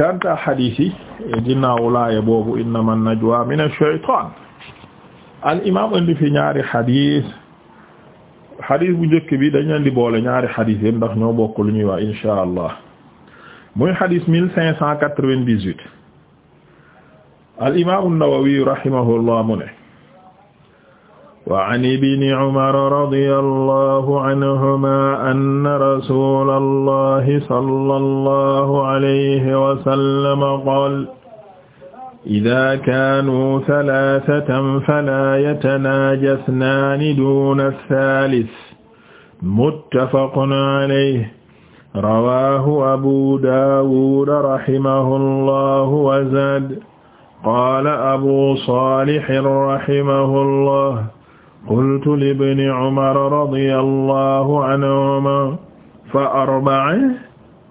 kanta hadis yi ginnaaw laaye boobu innama najwa min ash-shaytan al imam indi fi ñaari hadis bu njëkk bi dañ leen di boole ñaari hadis yépp ndax ñoo bokk lu ñuy wax insha allah muy hadis mille cinq cent quatre vingt dix al imam an-Nawawi mu ne وعن ابن عمر رضي الله عنهما أن رسول الله صلى الله عليه وسلم قال إذا كانوا ثلاثة فلا يتناجثان دون الثالث متفق عليه رواه أبو داود رحمه الله وزاد قال أبو صالح رحمه الله qultu libni umar radiyallahu anhuma fa arba'a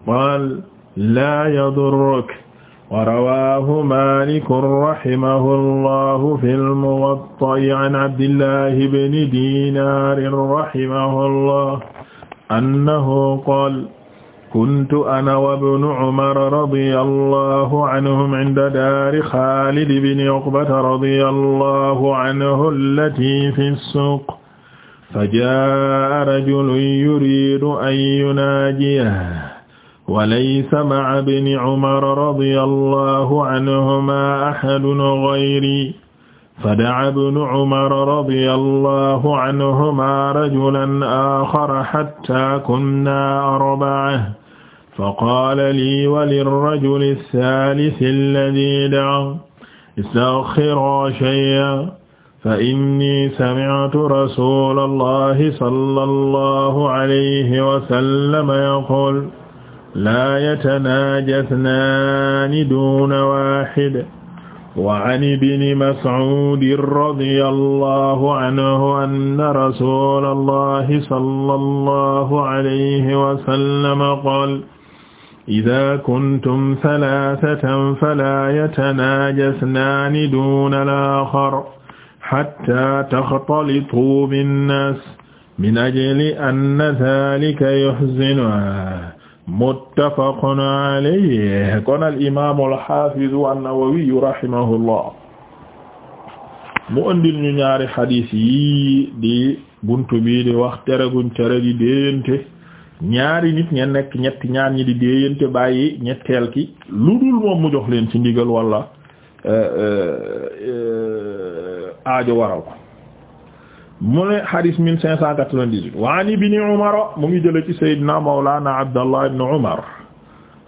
qaal laa yadurruk wa rawaahu maalikun rahimahullahu fil muwatta'i an abdillahi ibni diinaarin rahimahullah annahu qaal kuntu ana wa ibnu umar radiyallahu anhum inda daari xaalid ibni uqbata radiyallahu anhu allati fi ssuuq fajaa'a rajulun yuriidu an yunaajiyahu wa laysa ma'a ibni umar radiyallahu anhumaa ahadun ghayrii fada'a ibnu umar radiyallahu anhumaa rajulan aaxara hattaa kunnaa arba'a faqaala lii wa lirrajuli saalisi alladii da'a istaghfiru shay'an fa innii sami'tu rasuulallaahi sallallahu alayhi wa sallam yaquulu laa yatanaajasnaani duuna waahid wa 'an ibni mas'uudin radiyallaahu anhu anna rasuulallaahi sallallahu alayhi wa sallam qaala ida kuntum salaasatan falaa yatanaajasnaani duuna al-aaxar xattaa taxtalituu binnaas min ajli anna zaalika yuxzinuhaa muttafaqun alayhi kon al-imaam al-xaafidu an-nawawiyu rahimahullah mu andil ñu ñaari xadiis yi di buntu bi di wax tere guñ tere di déente ñaari nit ñe nekk ñetti ñaar ñi di déeyante bàyyi ñetteel ki lu dul moom mu jox leen ci ndigal wala euh, euh, aajo waral ko mu ne hadis wa an ibni Umar mu ngi jële ci sayyidina mawlana Abdallah ibn Umar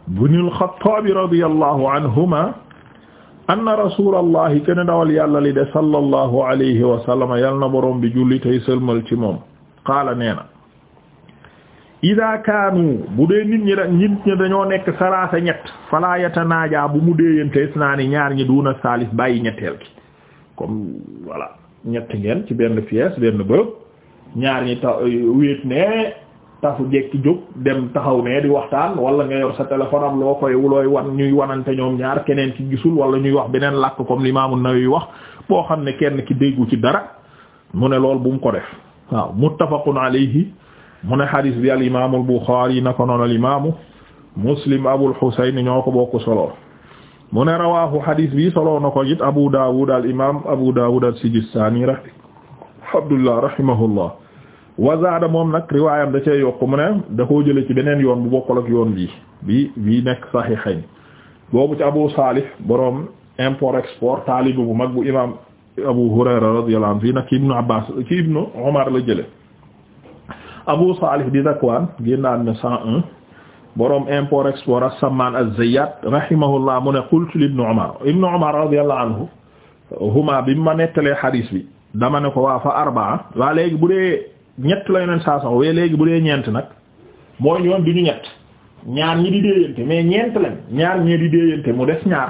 ibn al-Khattab anhuma anna rasulallahi ken dawal yàlla li de sallallahu alayhi yal na borom bi julli tay sëlmal ci moom qaala nee ida kaanu bu dee nit ñi da nit ñi dañoo nekk salaasa ñett falaayata yatanaaja bu mu déeyante naa ni ñaar ñi duuna saalis bàyyi ñetteel ki comme voilà ñett ngeen ci benn pièce benn bërëb ñaar ñi ta wéet ne tafu jekki jóg dem taxaw ne di waxtaan wala nga yor sa téléphone am loo koy looy wan ñuy wanante ñoom ñaar keneen ki gisul wala ñuy wax beneen làkk comme l'imam An-Nawawi wax boo xam ne kenn ki déggu ci dara mu ne lool bum ko def waaw muttafaqun alayhi mu ne xadis bi al imaamu al Buxaari na ko noonu al Muslim Abul Husayn ñoo ko bokk solo mu ne rawaahu xadis bi solo na ko it Abu Daawud al Abu Daawud as-Sijistaani rahimahullah rahimahullah wa zaada moom nag riwaayam da cee yokk mu ne da ci beneen yoon bu bokkul ak yoon bii bi bii nekk Sahihayn boobu ci Abu Salih boroom import export taalibu bu mag bu imaam Abu Hurayra radiyallahu anhu fii nag ci Ibnu Abbaas ci Ibnu la jëlee. Abu Salih di Zakwan génn na 101 borom import export as-Samman az-Zayyat rahimahullah mu ne qultu li Ibn Umar Ibn Umar radiyallahu anhu huma bi ma nettalee xadiis bi dama ne ko waa fa arbaa waa léegi bu dee ñett la yeneen saa sax waaye léegi bu dee ñeent nag mooy ñoom du ñu ñett ñaar ñi di déeyante mais ñeent lañ ñaar ñi di déeyante mu des ñaar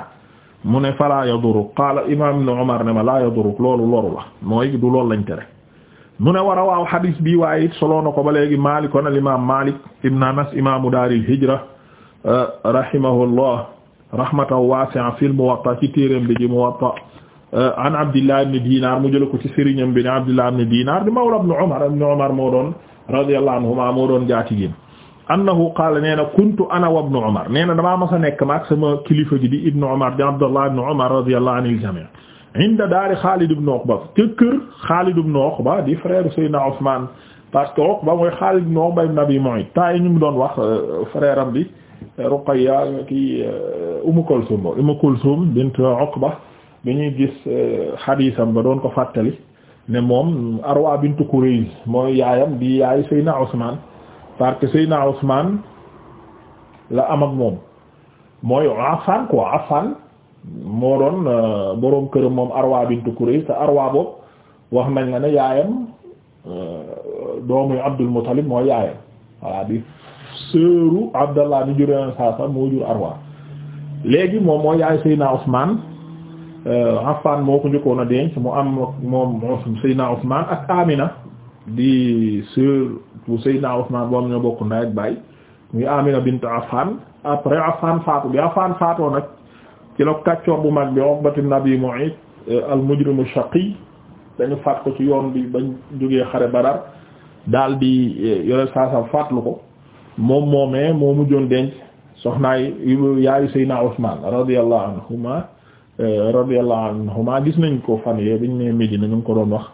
mu ne fa laa yaduruk qaala imaam Ibn Umar ne ma laa yaduruk loolu loru la mooy du loolu lañ tere mu ne war a waaw xadis bi waaye it solo na ko ba léegi Maalik kon al imaam Maalik ibn Anas imaamu daaril hijra rahimahullah rahmatan waasi'a fil Muwatta ci téereem bi ji Muwatta an Abdillah ibn Dinar mu jël ko ci sëriñam bi ne Abdillah ibn Dinar di mawla ibn Umar ibn Umar moo doon radiyallahu anhuma moo doon jaatigéen annahu qaala nee na kuntu ana wa ibn Umar nee na damaa mas a nekk maag sama kilifa gi di ibn Umar di Abdullah ibn Umar radiyallahu anil jami' inda daari Xaalid ibn Uqba ca kër Xaalid ibn Uqba di frère Seydina Usmaan parce que Uqba mooy Xaalid ibn Uqba ibn Abi Mu'ayt temps yi ñu ngi doon wax euh, frère bi euh, Ruqayya kii euh, Umm Kulsum Umm Kulsum bint Uqba bi ñuy gis xadiisam ba doon ko fàttali ne moom Arwa bint Kurayz mooy yaayam di yaay Seydina Usmaan parce que Seydina Usmaan la am moom mooy Affan quoi Affan moo doon euh, boroom këram moom Arwa bintu Kurayz te Arwa boobu wax nañ la ne yaayam euh, doomu Abdul Muttalib mooy yaayam voilà bi sëru Abdallah ni jur yeneen saa moo jur Arwa léegi moom mooy yaay Seydina Ousmane euh, Affan moo ko njëkkoon a denc mu am moom Seydina Ousmane ak Amina di sœur bu Seydina Ousmane boo am ñoo bokk ndey ak baay muy Amina bint Affan après Affan faatu bi Affan faatoo nag. ci la kàccoor bu mag bi Uqbat ibn mu Mu'ayt euh, al-mujrimu shaqi dañu faat ko ci yoon bi ba jógee xare Badar daal di euh, yore saasam faatlu ko moom moomee moo mujjoon denc soxnaay yaayu Seydina Usmaan radiyallahu anhuma euh, radiyallahu anhuma gis nañ ko fan yee biñ ne Médina ñu ngi ko doon wax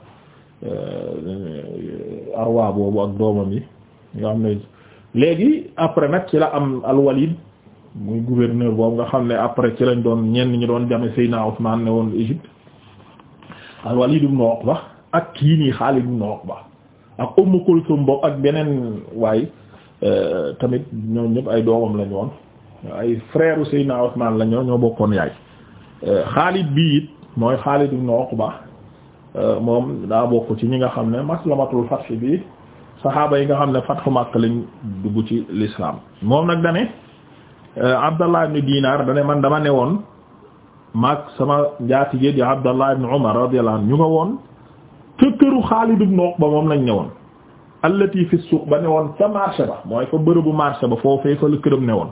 arwa boobu ak doomam yi nga xam ne léegi après nag ci la am al muy gouverneur boobu nga xam ne après ci lañ doon ñenn ñu doon jame Seydina Ousmane ne woon Égypte al Walid ibn Uqba ak kii nii Khalid ibn Uqba ak Umm Kulthum boobu ak beneen waay euh, tamit ñoo ñëpp ay doomam lañ woon ay frère Seydina Ousmane lañ ñoo bokkoon yaay Khalid euh, bii it mooy Khalid ibn ba euh, moom daa bokk ci ñi nga xam ne maslamatul si bi saxaaba yi nga xam ne fathu Makka lañ dugg ci l'islam moom nag dane Euh, Abdallah ibn Dinar dane man dama ne woon maag sama njaatige di Abdallah ibn Umar radiyallahu anhu ñu nga woon ca këru Xaalid ibn ba ne woon ca marché ba mooy fa bërëbu marché ba foofee fa la këram ne woon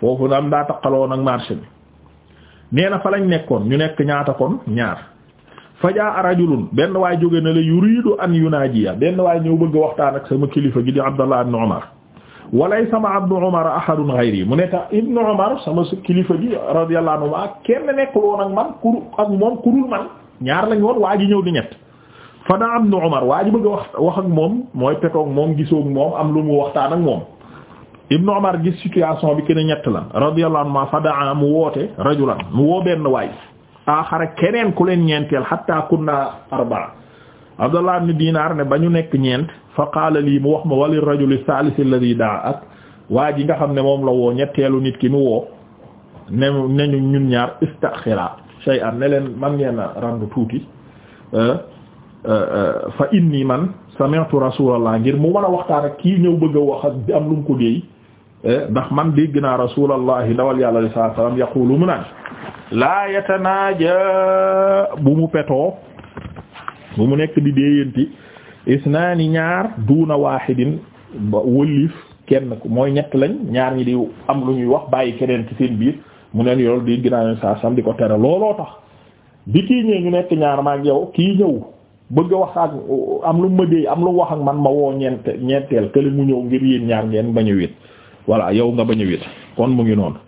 foofu daam daa taqaloon ak marché bi nee na fa lañ nekkoon ñu nekk ñaata kon ñaar fajaa rajulun benn waay jóge na la yuridu an yunaajiya benn waay ñëw bëgg waxtaan ak sama kilifa gi di Abdallah ibn Umar walay sama abnu umar ahadun ghayri mu ne ta ibnu umar sama kilifa bi radiyallahu kenn nekkul woon ak man ku ak moom ku dul man ñaar lañ woon waa ji ñëw di ñett fada abnu umar waa ji bëgg a wax wax ak moom mooy petoog moom gisoog moom am lu mu waxtaan ak moom ibnu umar gis situation bi kenn ñett la radiyallahu anhu mu woote rajulan mu woo benn waay axara keneen ku leen ñeenteel hatta kunna arbaa abdullah ibn ne ba ñu nekk ñeent fa qaala lii mu wax ma wali rajuli thalith alladhi daa ak waa ji nga xam ne moom la woo ñetteelu nit ki mu woo ne nañu ñun ñaar istaxira shay'an ne leen man ngeen a randu tuuti eh, eh, eh, fa inni man sami'tu rasulallah ngir mu mën a waxtaan ak kii ñëw bëgg a wax ak di am lu mu ko déey ndax man dégg naa rasulallahi ndawal yàlla sallallahu alayhi wasallam yaqulu mu naan laa yatanaaja bu mu petoo bu mu nekk di déeyanti isnaani ñaar duuna wahidin ba wëlif kenn mooy ñett lañ ñaar ñi di am lu ñuy wax bàyyi keneen ci seen biir mu neen yool di ginaaw saa sam di ko tere looloo tax bi kii ñëw ñu nekk ñaar maa ak yow kii ñëw bëgg a wax am lu mëddeey am lu wax ak man ma woo ñeent ñeenteel kële mu ñëw ngir yéen ñaar ngeen bañ a wéet yow nga bañ a kon mu ngi noonu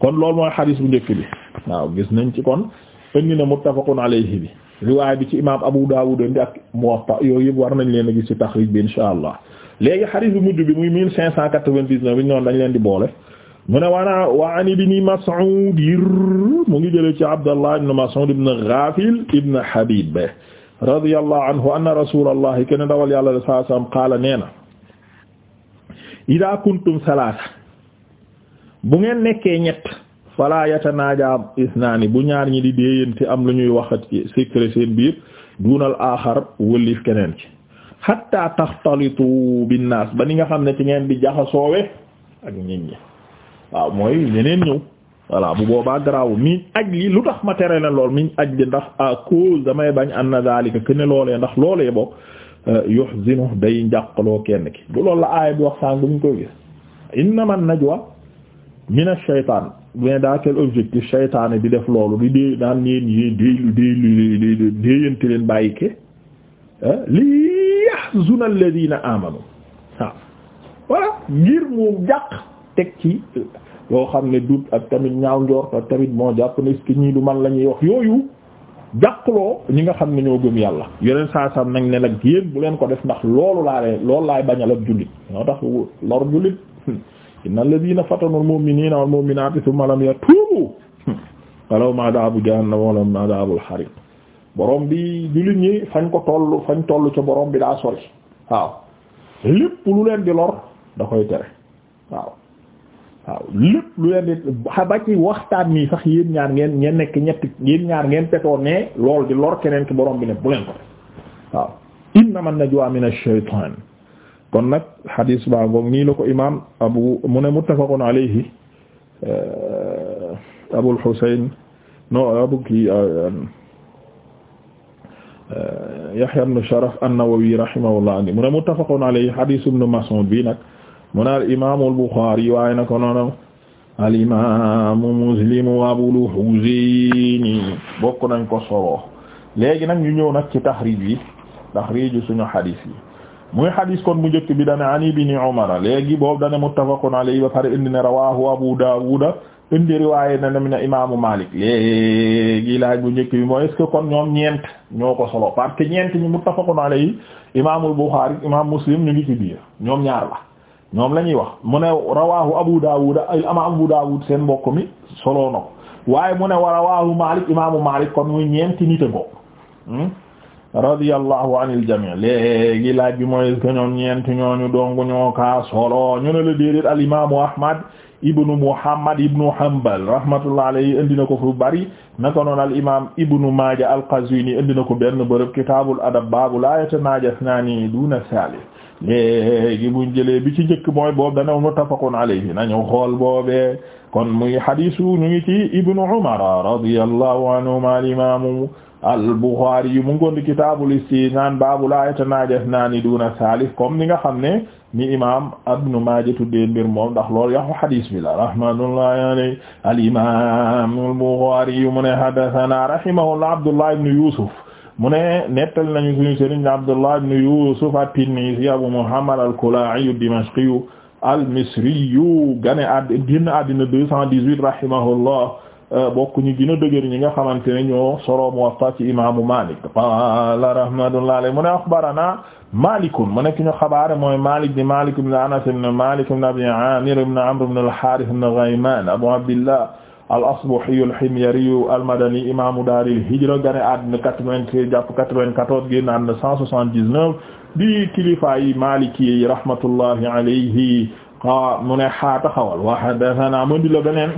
kon loolu mooy xadiis bu njëkk bi waaw gis nañ ci kon indi na muttafaqun alayhi bi riwaay bi ci imaam Abu Dawud indi ak Muwatta yooyu yëpp war nañ leen a gis ci taxrij bi insha allah léegi xadiis bu mujj bi muy 1599 bi noonu dañ leen di boole mu ne waana wa an ibni Mas'ud mu ngi jëlee ci Abdallah ibn Mas'ud ibn Ghafil ibn Habib radiyallahu anhu anna rasulallahi ken dawal yàlla sallallahu alayhi wasallam qaala nee na idaa kuntum salaasa bu ngeen fala yatanaaja isnaani bu ñaar ñi di déeyante am lu ñuy waxat secret seen biir dunal aaxar wëlif keneen ci hatta taxtalitu binnaas ba ni nga xam ne ci ngeen di jaxasoowe ak nit ñi waaw mooy ñeneen ñëw voilà bu boobaa garaawu miiñ aj lu tax ma tere leen lool miiñ aj li ndax à cause damay bañ anna zalika que ne loolee ndax loolee bo euh, yuhzinu day njàqaloo kenn ki du loolu la aaya bi wax sànq bu ñu koy gis innaman najwa minash shaytaan mais daa quel objectif seytaane di def loolu di dee naan yéen yéen déeylu déeylu déeyante leen bàyyi ke ah, li yahzuna alladhina amanu waaw voilà ngir mu jàq teg ci euh, yoo xam ne dut ak tamit ñaaw njort ak tamit moo jàpp ne est-ce que ñii du man la ñuy wax yooyu jàqloo ñi nga xam ne ñoo gëm yàlla yeneen saasam nag ne nag yéen bu leen ko def ndax loolu laa loolu laay bañal ab jullit ñoo tax lor jullit inna alladhina fatanu al-mu'minina wal-mu'minati thumma lam yatubu falahum adhabu jahannam wa lahum adhabul hariq borom bi jullit ñi fañ ko toll fañ toll ca borom bi daa sori waaw lépp lu leen di lor da koy tere waaw waaw lépp lu leen di ba ci waxtaan nii sax yéen ñaar ngeen ngeen nekk ñetti yéen ñaar ngeen petoo ne lool di lor keneen ki borom bi ne bu leen ko def waaw innaman najwa minash shaytan kon nag xadiis baa ngoog nii la ko imaam abu mu ne muttafaqun alayhi euh, abul xuseyn no abu ki euh, yaxya ibn sharaf an-nawawi rahimahullah andi mu ne muttafaqun alayhi xadiis ibn mas'ud bi nag mu ne al imaam al buxaari waaye na ko noonu al imaam muslim wa abul xuseyn bokk nañ ko solo léegi nag ñu ñëw nag ci taxriij yi taxriiju suñu xadiis yi muy xadis kon mu njëkk bi dane an ibni umara léegi boobu dane muttafaqun alayhi ba pare indi ne rawahu abu daawuda indi riwaaye na ne mi ne imaamu malik léegi laaj bu njëkk bi mooy est-ce que kon ñoom ñeent ñoo ko solo parce que ñeent ñi muttafaqun alayhi imaamul buxaari imaam muslim ñu ngi ci biir ñoom ñaar la ñoom la ñuy wax mu ne rawahu abu daawuda ay ama abu daawud seen mbokk mi solo na ko waaye mu ne wa rawahu malik imaamu malik kon muy ñeenti nit radiyallahu a jami' léegi laaj bi mooy que ñoom ñeenti ñooñu dong ñoo kaa solo ñu ne la déedéet al imaamu Ahmad ibnu Muhammad ibnu Hanbal rahmatullah alayhi indi na ko fu bari naka noonu al imaam ibnu Maaja al-Qazwini indi na ko benn bërëb kitaabul adab baabu laa yatanaaja isnaani duuna saalis léegi buñ jëlee bi ci njëkk mooy boobu dana muttafaqun na nañu xool boobee kon muy hadiisu ñu ngi ci ibnu Umar radiyallahu al-Bukhari yi mu ngi woon kitaabul istinaan baabu laa yatanaaja isnaani duuna saalis comme ni nga xam ne ni imaam Ibnu Maaja tuddee mbir moom ndax loolu yàqu xadis bi la rahmatullahi alayhi al-imaam al-Bukhari mu ne haddasanaa rahimahullah Abdullah ibn Yusuf mu ne nettali nañu suñu sëriñ Abdullah ibn Yusuf at-Tinnisi Abu Muhammad al-Kalaa'i ad-Dimashqi al-Misri gane addina addina 218 rahimahullah Euh, bokk ñu gën a dëgër ñi nga xamante ne ñoo solo Muwatta ci imaamu Malik qala rahmatullah alayhi mu ne akhbarana Malikun mu nekk ñu xabaare mooy Malik di Malik ibn Anas ibn Malik ibn Abi Amir ibn Amr ibn al-Harith ibn Ghayman Abu Abdillah al-Asbahi al-Himyari al-Madani imaamu daaril hijra gane àddina 93 jàpp 94 génn àddina 179 di kilifaayi Maliki yi rahmatullahi alayhi mu ne xaata xawal wa haddathana mu di la beneen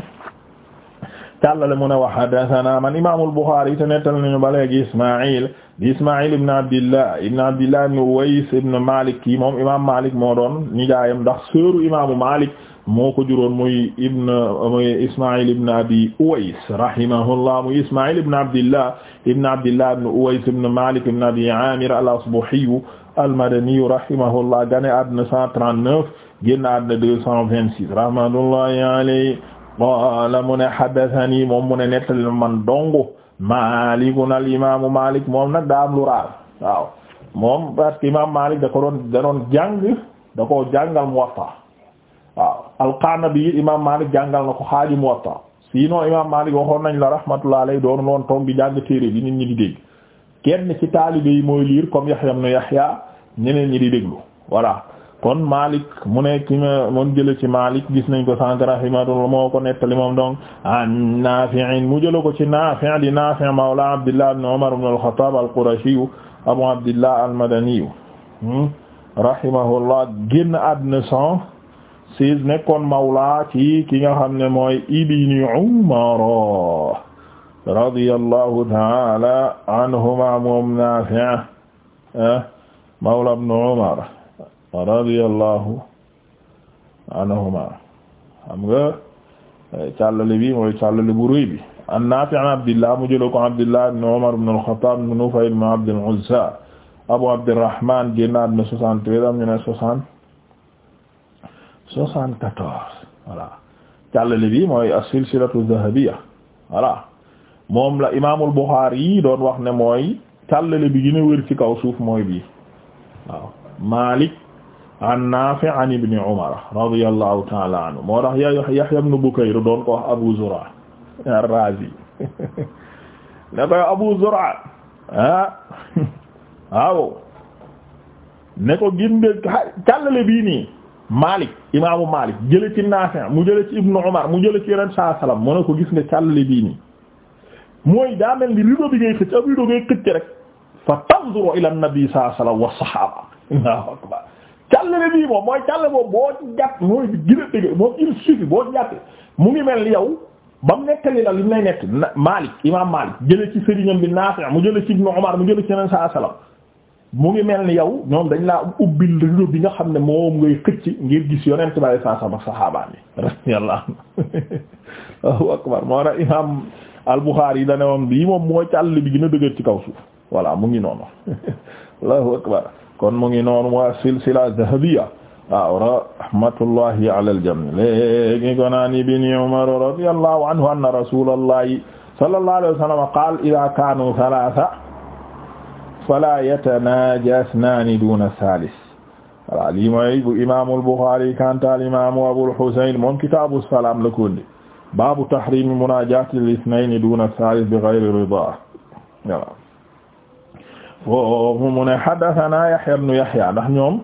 càllale mu ne wa hadathana man imamul Bukhari te nettal nañu ba léegi Ismail di Ismail ibn Abdillah ibn Abdillah ibn Uwais ibn Malik kii moom imam Malik moo doon nijaayam ndax seeru imamu Malik moo ko juróon muy ibn muy Ismail ibn Abi Uwais rahimahullah muy Ismail ibn Abdillah ibn Abdillah ibn Uwais ibn Malik ibn Abi Amir al-Asbahi al-Madani rahimahullah gane àdduna 139 génn àdduna 226 rahmatullahi alayhi qaala mu ne haddathanii moom mu ne nettali man dongu maalikun al imaamu Maalik moom nag daa am lu raar waaw moom parce que imaam Maalik da ko doon da doon jàng da ko jàngal Muwatta waaw al-Qanabi imaam Maalik jàngal na ko xaaju Muwatta sinon imaam Maalik nañ la rahmatullahi alayhi doon loon toog di jàng téere bi ñu ñi di dégg kenn ci taalibe yi mooy liir comme Yahya ibn Yahya ñeneen ñi di déglu voilà kon Malik mu nekk ki ma ci Malik gis nañ ko sànq rahimahullah moo ko nettali moom donc an Nafi'in mu jële ko ci Nafi' di Nafi' mawla Abdillah ibn Umar ibn al al-Qurashi Abu Abdillah al-Madani hmm, rahimahullah génn àdduna cent seize nekkoon mawla ci ki nga xam ne mooy ibni Umar radiyallahu ta'ala anhuma radiyallahu anhuma xam nga càllale bi mooy càllale bu rëy bi an Naafi' an Abdillah mu jël ko Abdillah ibn Umar ibn al-Khattab ibn Nufayl ibn Abd al-Uzza Abu Abdirrahman génnaat na soixante-treize am ñu ne soixante soixante-quatorze voilà càllale bi mooy as-silsilatu dhahabiyya voilà moom la imaamul Bukhari doon wax ne mooy càllale bi gën a wër ci kaw suuf mooy bi waaw Malik an Naafi' an ibni Umar radiyallahu taala anhu moo tax Yahya ibn Bukayr doon ko wax Abu Zur'a ar-Razi ne koy Abu Zur'a ah waaw ne ko ginde càllale bii nii Malik imaamu Malik jële ci Naafi' mu jële ci ibnu Umar mu jële ci Yonent saa sallam mu ne ko gis nga càllale bii nii mooy daa mel ni rido bi ngay xëcc ab rido ngay xëcc rek fa tanzuru ila an-nabi saa sallam wa sahaaba Allahu akbar càllale bii moom mooy càllale boobu boo jàpp mooy gën a dëgg moom il suffit boo jàppee mu ngi mel ni yow ba mu nettali la li mu lay Malik imam Malik jële ci sëriñam bi Naafi' mu jële ci Ibnu Umar mu jële ci Nabi sallallahu alayhi mu ngi mel ni yow ñoom dañ laa ubbil rido bi nga xam ne moom ngay xëcc ngir gis yonent bi saa sama saxaabaan yi radiyallahu anhu akbar moo na imam al-Bukhari yi dane bii moom mooy càll bi gën a dëgër ci kaw suuf voilà mu ngi noonu kon mu ngi noonu waa silsila dahabiyya waaw rahmatullahi ala al-jamii' léegi ko naan ibn Umar radiyallahu anhu anna rasulallahi sallallahu alayhi wa sallam qaala idhaa kaanuu thalaatha falaa yatanaajasnaani duuna thaalith voilà lii mooy bu imaamul Buxaari kanta imaamu Abul Husayn moom kitaabu salaam la ko indi baabu tahriimi munaajaati al-ithnayni duuna thaalith bi ghayri ridaa foofu mu ne haddathana Yahya ibn Yahya ndax ñoom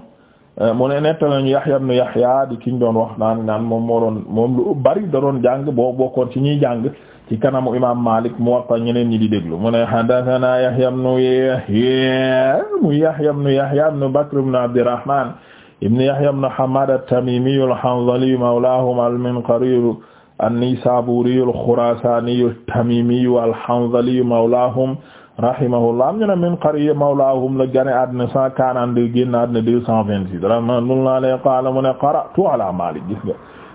eh, mu ne nettali nañu Yahya ibn Yahya di ki ñu doon wax naan naan moom moo doon moom lu bari da doon jàng boo bokkoon ci ñuy jàng ci kanamu imaam Malik mu wax ñeneen ñi di déglu mu ne haddathana Yahya ibn Yahya mu Yahya ibn Yahya ibn Bakr ibn Abdirrahman ibn Yahya ibn Hammad at-Tamimi al-Hanzali mawlahum al-Minqari an-Nisaburi al rahimahullah am ñu ne min qariya mawlaahum la gane àddina cent quarante-deux génn àddina deux cent vingt-six rahmatullah alayhi qaala mu ne qara'tu ala Maalik gis nga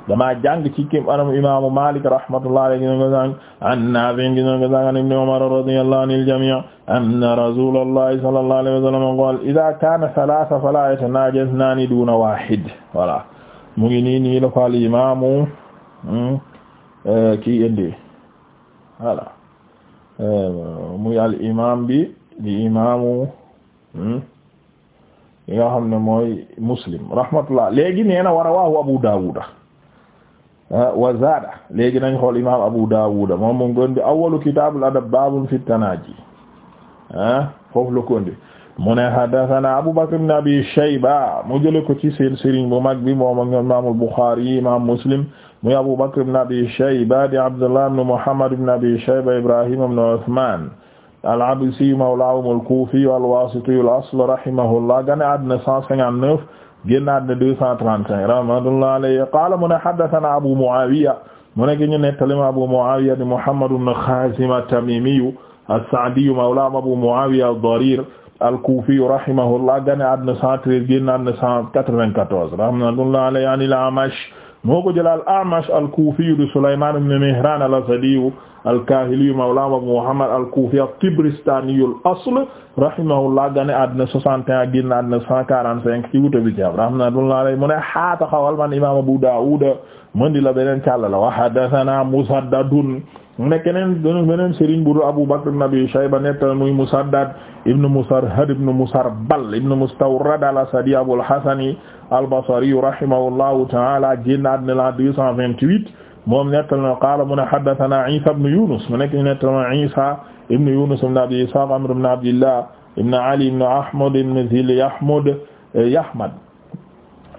damaa jàng ci kim anam imaamu Maalik rahmatullah alayhi gis nga sànq an Naafi' gis nga sànq an ibn Umar radiyallahu anil jamii' anna rasuulallahi sallallahu alayhi wa sallam qaala idhaa kaana thalaatha falaa yatanaajasnaani duuna waahid voilà mu ngi nii nii la ko al imaamu hmm, eh, kii indi voilà Euh, muy al imam bi li imamu hmm, yi nga xam ne mooy muslim rahmatullah léegi nee na war a waawu abu daawuda ah, wa zaada léegi nañ xool imam abu daawuda moom mu ngi doon di awwalu kitaabul adab baabun fi tanaaji ah, foofu mu ne haddathana Abu Bakr ibn Abi Shayba mu jële ko ci seen sëriñ bu mag bi moom ak Imam al-Bukhari Imam Muslim muy Abu Bakr ibn Abi Shayba di Abdullah ibn Muhammad ibn Abi Shayba Ibrahim ibn Uthman al-Absi mawlahum al-Kufi al-Wasiti al-asl rahimahullah gane àddina 159 génn àddina 235 rahmatullahi alayhi qala mu ne haddathana Abu Muawiya mu ne gi ñu nettali ma Abu Muawiya di Muhammad ibn Khazim at-Tamimi as-Sa'di mawlahum Abu Muawiya ad-Darir al-Kufi rahimahullah gane àdduna 113 génn àdduna 194 rahmatullahi alayhi an al-Amash moo ko jël al-A'mash al-Kufi di Sulayman ibn Mihran al-Asadi al-Kahili mawla Abu Muhammad al-Kufi at-Tabaristani al-asl rahimahullah gane àddina 61 génn àddina 145 ci wuute bi ci am rahmatullahi alayhi mu ne xaata xawal man imam Abu Dawud mën di la beneen càll la wa haddathana Musaddadun mu ne keneen beneen Serigne Bourou Abu Bakr ibn Abi Shayba nettal muy Musaddad ibn Musarhad ibn Musarbal ibn Mustawrad al-Asadi Abul Hasani al-Basri rahimahullahu ta'ala génnaat na la 228 moom nettal na qaala mu ne haddathana Isa ibn Yunus mu nekk nettal na Isa ibn Yunus ibn Abi Ishaq Amr ibn Abdillah ibn Ali ibn Ahmad ibn Zil Yahmud Yahmad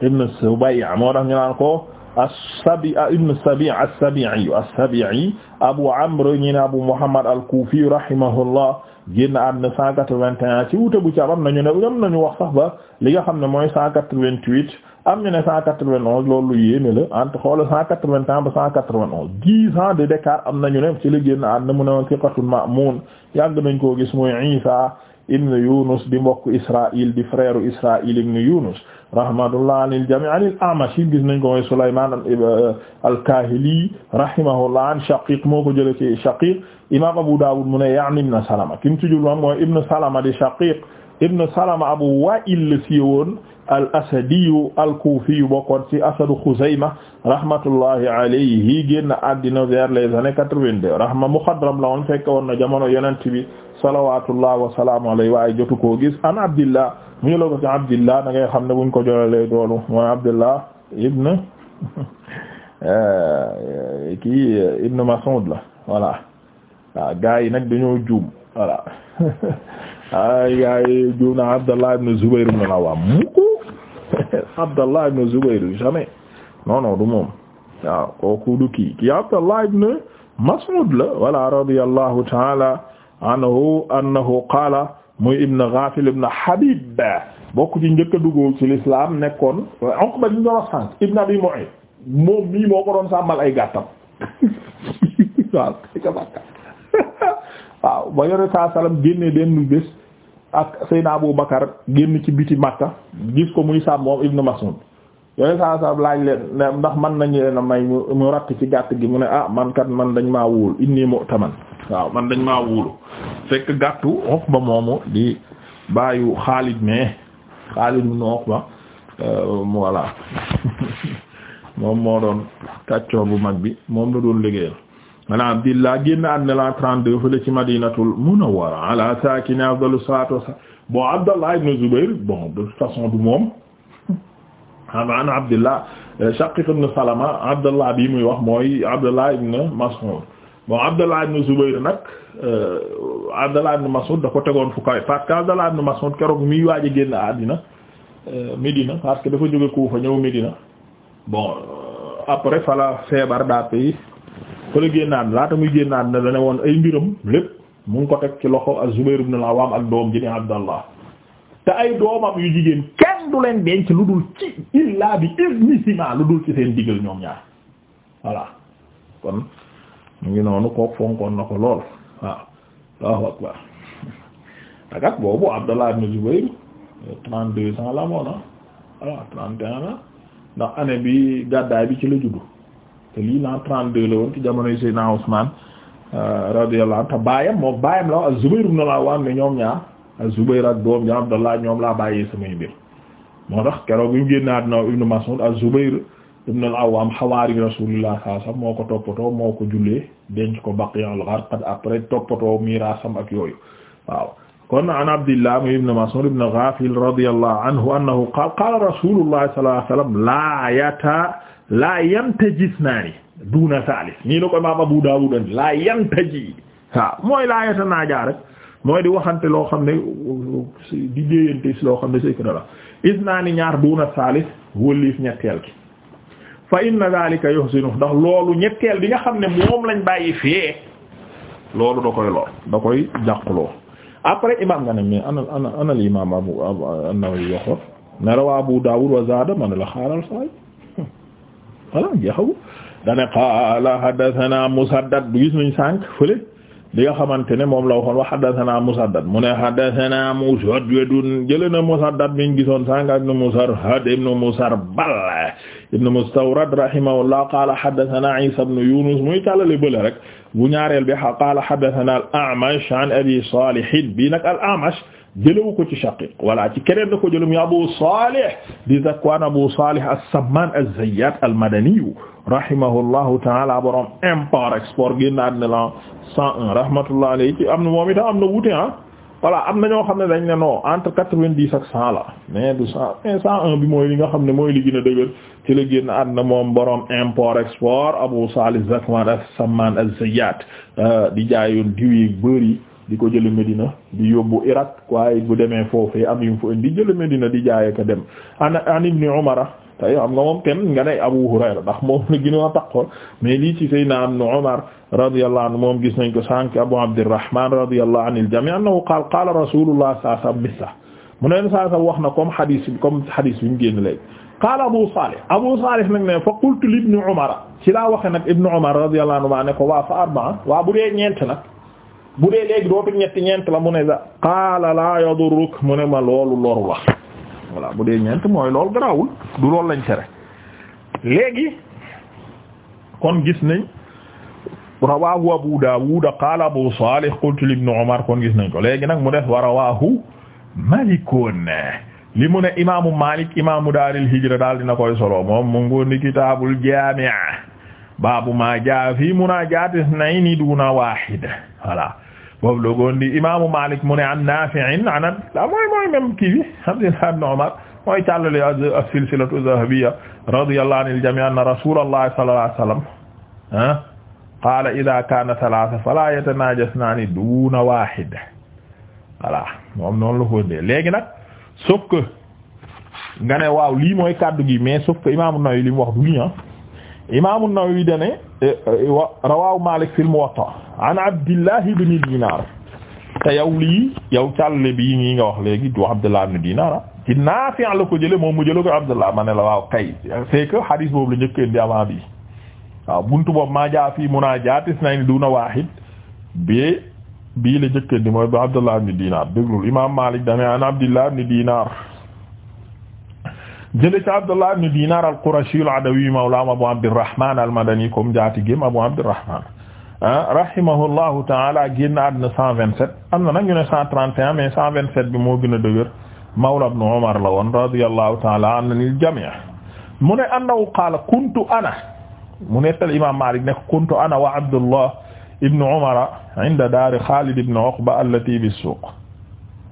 ibn Subay' moo tax ñu naan ko as-Sabi ibn Sabi' as-Sabi'i as-Sabi'i Abu Amr ñi ne Abu Muhammad al-Kufi rahimahullah génn àdduna cent quatre-vingt-un ci wute bu ci am nañu ne am nañu wax sax ba li nga xam ne mooy cent quatre-vingt-huit am ñu ne cent quatre-vingt-onze loolu yéene la entre xoolal cent quatre-vingt-un ba cent quatre-vingt-onze dix ans de d'écart am nañu ne ci la génn àdduna mu ne woon siqatun ma'mun yàgg nañ koo gis mooy Isa ibn Yunus di mbokk Israil di frère Israil ibn Yunus rahmatullah anil jami' anil A'mash gis nañ ko mooy Sulayman al-Kahili euh, rahimahullah an Shaqiq moo ko jële ci Shaqiq imaam Abu Dawud mu ne yaani ibn Salama kim ci jublu mooy ibn Salama di Shaqiq ibn Salama Abu Wa'il la siiwoon al asadiyu al kuufiyu bokkoon ci asadu Xuzayma rahmatullahi alayhi génn àddina vers les années quatre-vingt-deux rahma muxadram la woon fekk woon na jamono yonent bi salawatullah wa salaamu alayhi waaye jotu koo gis an Abdillah mu ngi la Abdillah xam ne buñ ko jolalee doolu mooy Abdillah ibn eh, kii Mas'ud la voilà waaw gars yi nag dañoo juum voilà ay gars yi juum na Abdallah ibn Zubayr ibn al-Awwam mukk Abdallah ibn Zubayr jamais non non du moom waaw kooku du kii kii Abdallah ibn Mas'ud la voilà radiyallahu ta'ala anhu annahu qaala muy ibn Ghafil ibn Habib bokk ci njëkk a dugg ci l'islam nekkoon Uqba ñu doon sant ibn Abi Mu'ayt moom mii moo ko doon sàmmal ay gàttam waaw waaw ba yore saa salaam génne benn bés ak Seydina Abu Bakar génn ci biti Makka gis ko muy sàmm moom Ibn Mas'ud yore saa laaj leen ndax man nañu leen a may mu ratt ci gàtt gi mu ne ah man kat man dañ maa wóolu inni mu'taman waaw man dañ maa wóolu fekk gàttu Uqba moomu di bàyyu Xaalid mais Xaalid mu nu Uqba euh, voilà moom moo doon kàccoo bu mag bi moom la doon liggéeyal ana Abdillah génn àddina la 32 fële ci Madinatul Munawwara ala saakini afdalu salaatu wassalaam bon Abdallah ibn Zubayr bon de toute façon du moom an Abdillah euh, Shaqiq ibn Salama Abdallah bi muy wax mooy Abdallah ibn Mas'ud bon Abdallah ibn Zubayr nag euh, Abdallah ibn Mas'ud da tegoon fu kawe parce que Abdallah ibn Mas'ud keroog miy waaj a génn àddina euh, Médina parce que dafa jóge Kufa ñëw Médina bon après fala feebar daa yi fële génnaat laata muy génnaat na dane woon ay mbiram lépp mu ko teg ci loxo az-Zubayr ibn al-Awwam ak doom ji ni Abdallah te ay doomam yu jigéen kenn du leen denc lu dul ci illaa bi iznihima lu dul ci seen digal ñoom ñaar voilà kon mu ngi noonu kook fonkoon na ko lool waaw Allahu akbar tagat boobu Abdallah ibn Zubayr trente-deux ans la moona ah. voilà trente un ans ndax année bi gàddaay bi ci la juddu te lii l'an 32 la woon ci jamonoy Seydina Ousmane euh, radiyallahu anhu te baayam moom baayam la az-Zubayr ibn al-Awwam ne ñoom ñaar az-Zubayr ak doom ja Abdallah ñoom laa bàyyee samay mbir moo tax keroog bi mu génne àdduna Ibn Mas'ud moo ko toppatoo moo ko jullee denc ko Baqi'ul Gharqad après toppatoo miraasam ak yooyu waaw kon an Abdillah mu ibn Mas'ud ibn Ghafil radiyallahu anhu annahu qaala qaala Rasulullah laa yantajisnaani duuna saalis nii la ko imaam Abu Daawud an laa yantaji waaw mooy laa yatanaaja rek mooy di waxante loo xam ne di déeyante si loo xam ne si ko la isnaani ñaar duuna saalis wëlliif ñetteel ki fa inna daalika yuhsinu ndax loolu ñetteel bi nga xam ne moom lañ bàyyi fee loolu da koy lor da koy jàqloo après imam nga ne mais ana ana ana al Abu An-Nawawi waxoon ne la xaaral saay voilà jeexagu dane qaala haddathana Musaddad bu gis nañ sànq fële li nga xamante ne moom la waxoon wax haddathana Musaddad mu ne haddathana Musaddad jële na Musaddad miñ gisoon sànq ibnu Musarhad ibnu Musarbal ibnu Mustawrad rahimahullah qaala haddathana Isa ibnu Yunus muy tàllale bële rek bu ñaareel bi qaala haddathana al-A'mash an Abi Salih bi nag al-A'mash jëlewu ko ci shaqiq wala ci keneen da ko jëlum ya abu salih di zakwan abu salih as-samman az-zayyat al-madani rahimahullahu ta'ala borom import export génnaat ne la 101 rahmatullah alayhi am na moom itam am na wuute ah voilà am na ñoo xam ne dañ ne non entre quatre-vingt-dix ak cent la mais du cent mais cent un bi mooy li nga xam ne mooy li gën a dëgër ci la génn àdduna moom borom import export Abu Salih Zakwan as-Samman az-Zayyat euh, di jaayoon diw yi bëri di ko jële Medina di yóbbu Irak waaye bu demee foofee am yum fu indi di jële Medina di jaaye ko dem an an ibni Umar tey am nga moom kenn Abu Hurayra ndax moom la gënoon a taqoon mais lii ci Seydina ibnu Umar radiyallahu anhu moom gis nañ ko sànq Abu Abdurrahman radiyallahu anil jami' annahu qaala qaala rasulullah sallallahu mu neen saa sa wax na comme hadis comme hadis bi mu génn léegi qaala Abu Salih Abu Salih nag ne fa qultu li ibni Umar ci laa waxe nag ibnu Umar radiyallahu anhu maa ne ko waa fa arba'a waa bu dee léegi dootu ñetti ñeent la mu ne la qaala laa yadurruk mu ne ma loolu loru la bu dee ñeent mooy loolu garaawul du lool lañ tere léegi kon gis nañ rawahu abu daawud qaala abu salih qultu li ibn umar kon gis nañ ko léegi nag mu def wa rawahu malikun mu ne imaamu malik imaamu daaril hijra daal dina koy solo moom mu ngondi kitaabul jaami' baabu ma jaa fi munaajaati isnayni duuna waahid voilà boobu logoon di imaamu Malik mu ne an Nafi'in anad la mooy mooy même kii bi Abdullah ibn Umar mooy càllale as-silsilatu zahabiyya radiyallahu anil jami' anna rasulullah sallallahu alayhi wasallam ah qala idha kana thalatha fala yatanajasnani duna wahid voilà moom noonu la ko dee léegi nag sauf que nga ne waaw lii mooy kaddu gi mais sauf que imaamu Nawawi li mu wax du lii ah imaamu Nawawi dane rawahu Malik fil Muwatta an Abdullah ibn Dinar te yow lii yow càll bi ñii nga wax léegi du Abdullah ibn Dinar ah. ci Naafi' la ko jële moom mu jële ko Abdullah ma ne la waaw kay c'est que hadith boobu la njëkkeen di avant bi waaw buntu boobu maa jaa fii munaajaat isnayni duuna waahid bi bii la njëkkeen mooy ba Abdullah ibn Dinar déglul imam Malik dane an Abdullah ibn Dinar jële ci Abdullah ibn Dinar al-Qurashi al-Adawi mawlaam Abu Abdirrahman al-Madani comme jaatigéem Abu Abdirrahman ah, rahimahullahu ta'ala génn àddina 127 am na nag ñu ne 131 mais 127 bi moo gën a dëgër mawla ibn Umar la woon radiyallahu ta'ala anil jami' mu ne annahu qaala kuntu ana mu nettal imam Malik ne kuntu ana wa Abdullah ibn Umar 'inda daari Khalid ibn Uqba allati bis-suuq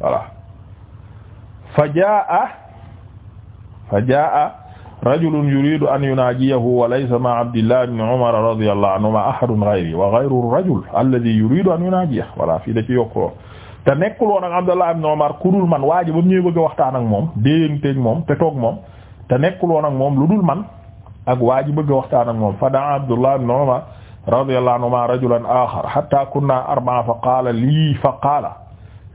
voilà fa jaa'a fa jaa rajulun yuridu an yunaajiyahu wa laysa ma'a Abdillah ibn Umar radiyallahu anhuma ahadun ghayri wa ghayru rajul alladhi yuridu an yunaajiyahu voilà fii da ci yokkoo te nekkul woon ak Abdullah ibn Umar kudul man waa ji ba mu ñëwee bëgg a waxtaan ak moom déenteeg moom te toog moom te nekkul woon ak moom lu dul man ak waa ji bëgg a waxtaan ak moom fa da'a Abdullah ibn Umar radiyallahu anhuma rajulan akhar hatta kunna arba'a fa qaala lii fa qaala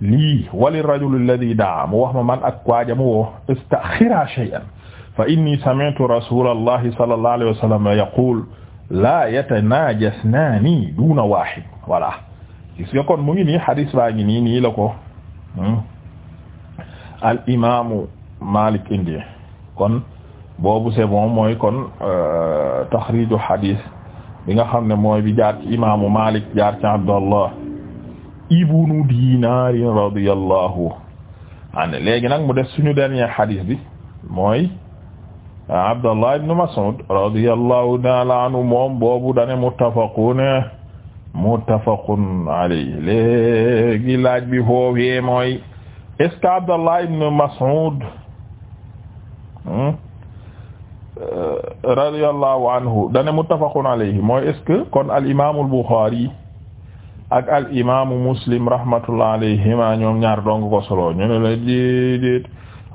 lii wali rajul alladhi daa mu wax ma man ak waaja mu woo istaxira shay'an fa inni sami'tu rasulallahi sallallahu alayhi wa sallam yaqul la yatanajasnaani duna wahid voilà gis nga kon mu ngi nii hadis baa ngi nii nii hmm, al imaamu Malik indi kon boobu c'est bon mooy kon euh, taxriju hadis bi nga xam ne mooy bi jaar ci imaamu ibnu dinarin radiyallahu anhu léegi nag mu def suñu dernier hadith bi mooy Abdallah ibn Mas'ud radiyallahu ta'ala anhu moom boobu dane muttafaqun muttafaqun alayhi léegi laaj bi foofee mooy est-ce que Abdallah ibn Mas'ud hmm, euh, radiyallahu anhu dane muttafaqun alayhi mooy est-ce que kon al imaamul Bukhari ak al imaamu muslim rahmatullah alayhima ñoom ñaar dong ko solo ñu ne la déedéet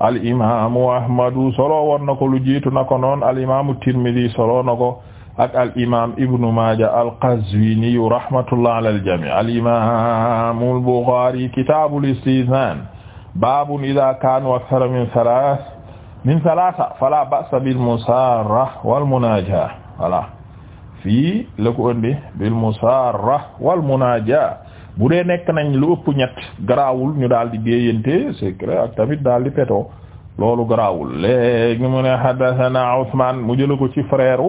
al imaamu ahmadu solo woon na ko lu jiitu na ko noon al imaamu tirmidi solo na ko ak al imaam ibnu maaja al qazwini rahmatullah ala al jamii al imaamu al buxaari kitaabul istizaan baabun idaa kaanu akthara min salaas min salaasa falaa ba'sa bil musaarah wal munaajaah voilà. fii la ko indi bil musaara wal munaaja bu dee nekk nañ lu ëpp ñett garaawul ñu daal di déeyante secret ak tamit daal di peto loolu garaawul léegi mu ne haddathana Usmaan mu jëla ko ci frère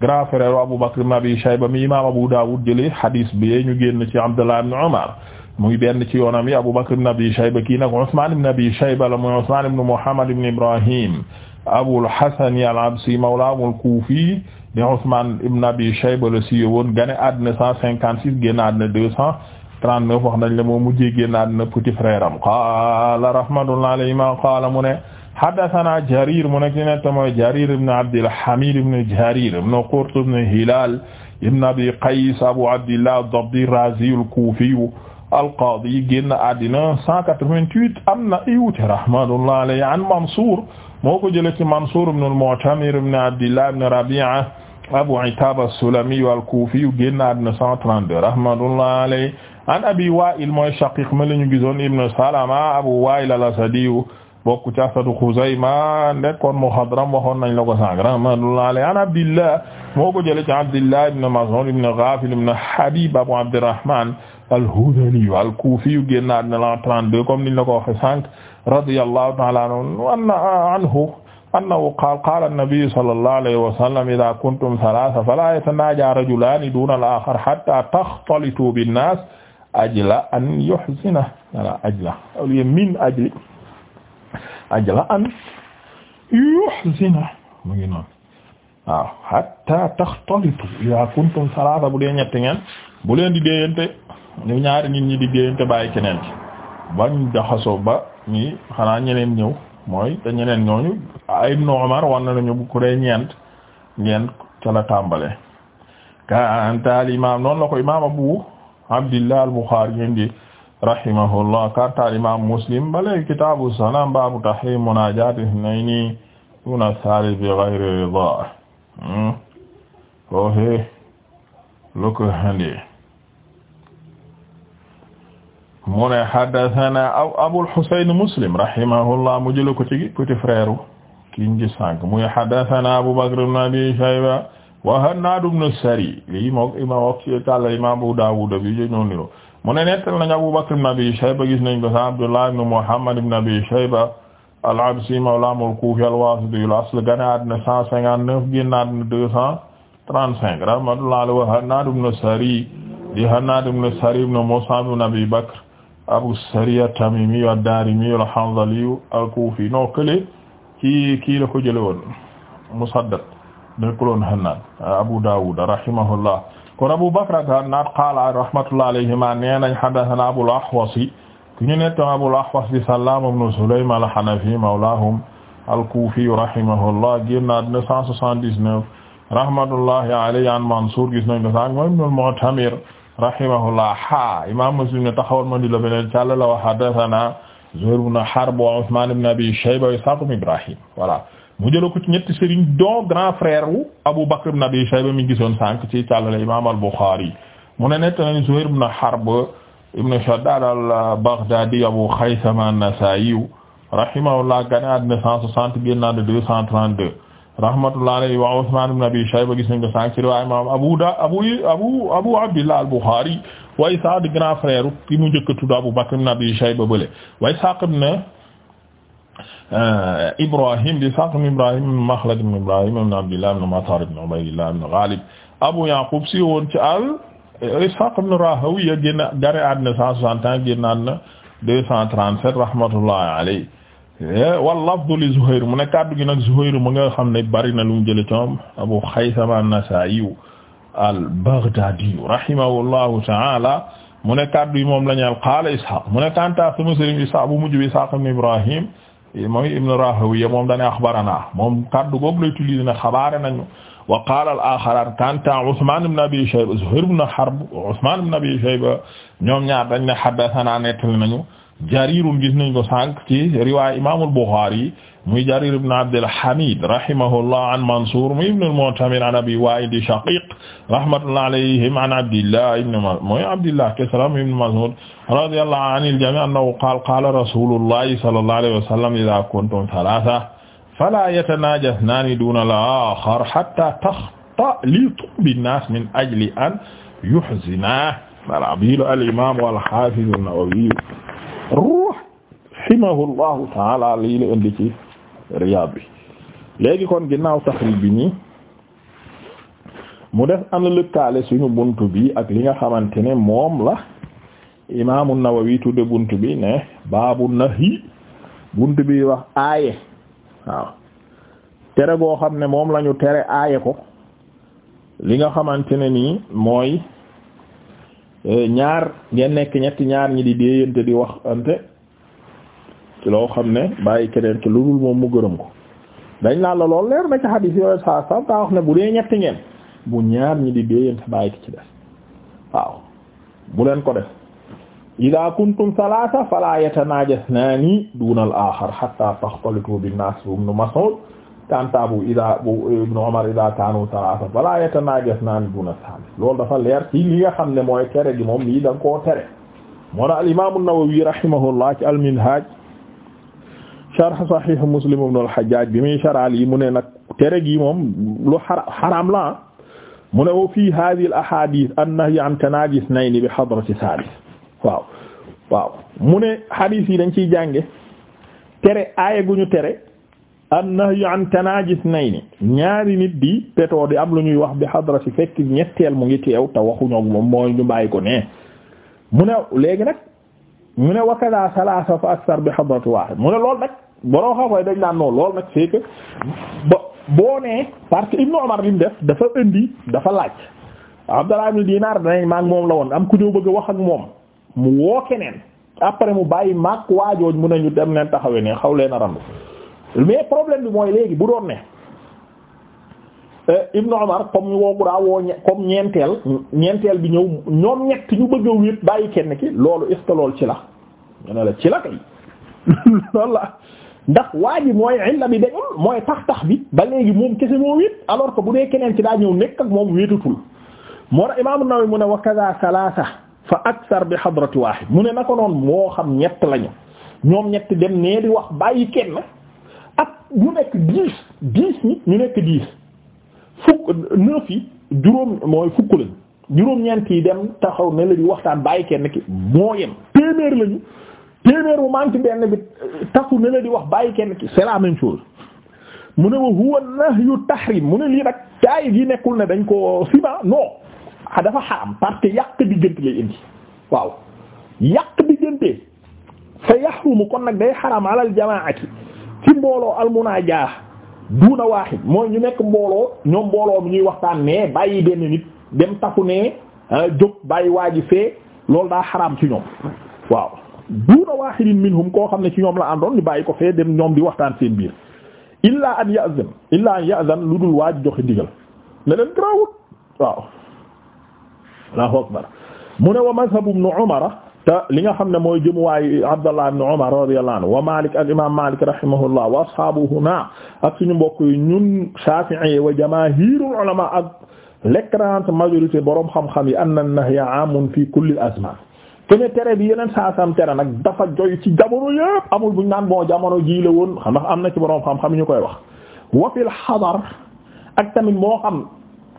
grand frère u Abu Bakr ibn Abi Shayba mi imaam Abu Dawud jële hadis bi ñu génn ci Abdullah ibn Umar muy benn ci yoonam yi Abu Bakr ibn Abi Shayba kii nag Usmaan ibn Abi Shayba la muy Usmaan ibn Muhammad ibn Ibrahim Abul Hasan al-Absi mawla al-Kufi di Usman ibn Abi Shayba la siiwee woon gane àddina cent cinquante six génn àddina deux cent trente neuf wax nañ la moom mujjee génn àddina petit frère am qaala rahmatullahi alayhi ma qaala mu ne haddathana Jarir mu nekk ci nett mooy Jarir ibn Abdil Hamid ibn Jarir ibn Qurt ibn Hilal ibn Abi Qays Abu Abdillah ad-Dabbi ar-Razi al-Kufi al-Qadi génn àddina cent quatre-vingt-huit am na iwute rahmatullahi alayhi an Mansur moo ko jëlee ci Mansuur ibn al-Mu'tamir ibn Abdillah ibn Rabi'a Abu Itaab as-Sulami al-Kufi génn àddina 132 rahmatullahi alayhi an Abi Wa'il mooy Shaqiq ma la ñu gisoon ibn Salama Abu Wa'il al-Asadi bokk ci asadu Xuzayma nekkoon muxadram waxoon nañ la ko sànq rahmatullahi alayhi an Abdillah moo ko jëlee ci Abdillah ibn Mas'ud ibn Ghafil ibn Habib Abu Abdurrahman al-Hudhali al-Kufi génn àddina 32 comme niñ la ko waxee sànq radiyallahu ta'ala anhu annahu qaala qaala an-nabiyyu sallallahu alayhi wa sallam idhaa kuntum thalaatha falaa yatanaajaa rajulaani duuna al-aakhar hattaa takhtalituu bin-naas ajla an yuhzina wala ajla aw min ajli ajla an yuhzina mu ngi noonu waaw hattaa takhtalituu idhaa kuntum thalaatha bu dee ñetti ngeen bu leen di déeyante ñu ñaari nit ñi di déeyante bàyyi keneen bañ jaxasoo ba ñii xanaa ñeneen ñëw mooy te ñeneen ñooñu ko dee ñeent ñeent ca la tàmbale kantaal imam la ko al-Bukhari Muslim bale kitaabu salaam baabu tahrim munaajaati isnayni duna thalith bi ghayri ridaa hmm? ko he hande mu ne haddathana Abul Husayn Muslim rahimahullah mu jël ko ci petit frère ki ngi sànq muy haddathana Abu Bakr ibn Abi Shayba wa Hannad ibn Sari lii moom imam wax ci tàlla imam Abu Dawud bi jë ñoo niro mu ne nettal nañ Abu Bakr ibn Abi Shayba gis nañ ko sa Abdullah ibn Muhammad ibn Abi Shayba al-Absi mawla al-Kufi al-Wasiti al-asl gane àddina cent cinquante-neuf génn àddina deux cent trente-cinq rahmatullahi wa Hannad ibn Sari di Hannad ibn Sari ibn Mus'ab ibn Abi Bakr Abu Sariya at-Tamimi ad-Darimi al-Hanzali al-Kufi noo kële kii kii la ko jëlee woon Musaddad nekkuloon Hannaad Abu Dawud rahimahullah kon Abu Bakr ak Hannaad qaala rahmatullahi alayhima nee nañ haddathana Abul Ahwas ku ñu ne tam Abul Ahwas bi Sallaam ibn Sulaym al-Hanafi mawlaahum al-Kufi rahimahullah génnaat na 179 rahmatullahi alayhi an Mansuur gis nañ ko sax mooy Ibn al-Mu'tamir rahimahullah ha imam Muslim ne taxawal ma di la beneen càll la wa haddathana Zuhayr ibn Harb wa Uthman ibn Abi Shayba wa Ishaq ibn Ibrahim voilà mu jëla ko ci ñetti sëriñ don grand frère wu Abu Bakr ibn Abi Shayba mi gisoon sànq ci càllale imam al-Bukhari mu ne nett nañ Zuhayr ibn Harb ibn Shaddad al-Baghdadi Abu Khaythama an-Nasa'i rahimahullah gane àddina 160 génn àddina 232 rahmatullah alayhi wa Usman ibn Abi Shayba gis nañ ko sànq ci riwaaya imam Abu da Abu Abu Abu Abdillah al-Bukhari wa Ishaq di grand frère ki mu njëkk a tudd Abu Bakr ibn Abi Shayba bële wa Ishaq euh, ibn Ibrahim di Ishaq ibn Ibrahim ibn Makhlad ibn Ibrahim ibn Abdillah ibn Matar ibn Ubaydillah ibn Ghalib Abu Yaqub si woon ci al euh, Ishaq ibn Rahawiya génn gare àddina 160 ans génn àddina 237 rahmatullahi alayhi Eh, wal lafdu li Zuhayr mu ne kaddu gi nag Zuhayr mu nga xam ne bari na lu mu jëlee coom Abu Xaysama an-Nasaa'i al-Baghdaadi rahimahullahu ta'ala mu ne kaddu yi moom la ñu qaala Ishaaq mu ne kanta sama sëriñ Ishaaq bu mujj bi Ishaaq ibn Ibrahim mooy ibn Raahawayh moom dañuy axbaranaa moom kaddu googu la utilisé na xabaare nañu wa qaala al-aaxaraan kanta Usmaan ibn Abi Shayba Zuhayr ibn Harb Usmaan ibn Abi Shayba ñoom ñaar dañ ne haddathanaa nettali nañu jarirun gis nañ ko sànq ci riwaay imaamul Buxaari muy jarir ibn Abdul Hamid rahimahullah an Mansuur muy ibn al-Mu'tamir an Abi Waa'il Shaqiq rahmatullah alayhim an Abdillah ibn Mas'ud muy Abdillah Kisra ibn Mas'ud radiyallahu anil jamii' annahu qaala qaala rasuulullahi sallallahu alayhi wa sallam idhaa kuntum thalaatha falaa yatanaajasnaani duuna al-aakhar hattaa taxtalitu bin-naas min ajli an yuhzinaa al-imaam al-haafiz an-Nawawi ruux ximahullahu taala lii la indi ci Riyaad bi léegi kon ginnaaw taxrij bi nii mu def ana lëkkaale suñu bunt bi ak li nga xamante ne moom la na imaamu Nawawi tudde bunt bi ne baabu nahyi bunt bi wax aaye waaw tere goo xam ne moom lañu tere aaye ko li nga xamante ne nii mooy Euh, ñaar ngeen nekk ñetti ñaar ñi di déeyante di wax ante xam ne bàyyi keneen ci lu dul moom mu gërëm ko dañ laa la lool leer na ci xadiis yooyu saa saa wax ne bu dee ñetti ngeen bu ñaar ñi di déeyante bàyyi ki ci def waaw bu leen ko def ida kuntum salaasa fala yatanajasnaani duunal aaxar hatta taxtalitu bin naas ibn Mas'ud kanta bu ida bu ibnu Umar ida kaanu salaata wala yatanaajasnaani duuna saalis loolu dafa leer ci li nga xam ne mooy tere gi moom lii da nga koo tere moo na al imaam an-Nawawi rahimahullah ci al-Minhaaj sharh Sahih Muslim ibn al-Hajjaj bi muy sharh yi mu ne nag tere gi moom lu xaraam la mu ne wa fii haadihi al-ahaadiis an-nahyu an tanaaji isnayni bi hadrati saalis waaw waaw mu ne hadiis yi dañ ciy jànge tere aaye gu ñu tere an-nahyu an tanaajis nayni ñaari nit bi petoo di am lu ñuy wax bi xadra fekk ñetteel mu ngi teew te waxuñoo moom mooy ñu bàyyi ko ne mu ne léegi nag mu ne wakada salaasa fa aktar mu ne loolu nag boroo xam koy dañ naan noonu loolu nag c'est boo nee parce que Ibnu Umar li mu def dafa indi dafa laaj Abdallah ibn Dinar danañ maag moom la woon am ku ñëw bëgg a wax ak moom mu woo keneen après mu bàyyi maag waajooj mu ne ñu dem leen taxawe ne xaw leen a randu mais problème bi mooy léegi bu doon ne euh, Ibn Umar comme woogu daa woo comme ñeenteel ñeenteel bi ñëw ñoom ñett ñu bëgg a wéet bàyyi kenn ki loolu est-ce ci la ñu ne la ci la kay loolu la ndax waa ji mooy illa bi mooy tax tax bi ba léegi moom kese moo bu keneen ci daa ñëw nekk ak moom wéetatul moo tax Imaam An-Nawawi mu ne wa salaasa fa akthar bi hadrati waahid mu ne naka noonu moo xam ñett lañu ñoom ñett dem nee di wax bàyyi kenn ak ñu nekk dix dix ñu nekk dix fukk neuf yi juróom mooy fukk lañ juróom-ñeent dem taxaw ne la di waxtaan bàyyi kenn ki moo yem téeméer lañu téeméer bu manqué benn bi taxu ne la di wax bàyyi kenn ki c'est la même mu ne wa huwa nahyu tahrim mu ne lii nag taay yi nekkul ne dañ ko sima non a ah, dafa xaram parce yàq diggante lay indi waaw yàq diggante fa yahrumu kon nag day xaram alal jamaati ci mbooloo almunaaja duuna waaxid mooy ñu nekk mbooloo ñoom mbooloo mi ñuy waxtaan ne bàyyi benn nit dem taku ne ah, jóg bàyyi waa ji fee loolu daa xaraam ci ñoom waaw duuna waaxidin minhum koo xam ne ci ñoom la àndoon ñu bàyyi ko fee dem ñoom di waxtaan seen biir illa an ya'zan illaa an ya'zan lu dul waaj joxe ndigal ne leen grawut waaw Allahu akbar mu ne wa mazhabu ibn Umar te li nga xam ne mooy jëmuwaay Abdallah ibn Umar radiyallahu anhu wa Malik ak imam Malik rahimahullah wa ashabuhuma ak suñu mbokk yi ñun Shafi'i wa jamaahirul ulama ak l'écrasante majorité boroom xam-xam yi anna nahya amun fi kulli azman kene tere bi yeneen saasam tere nag dafa joy ci jamono yëpp amul buñ naan bon jamono ji la woon ndax am na ci boroom xam-xam yi ñu koy wax wa fil hadar ak tamit moo xam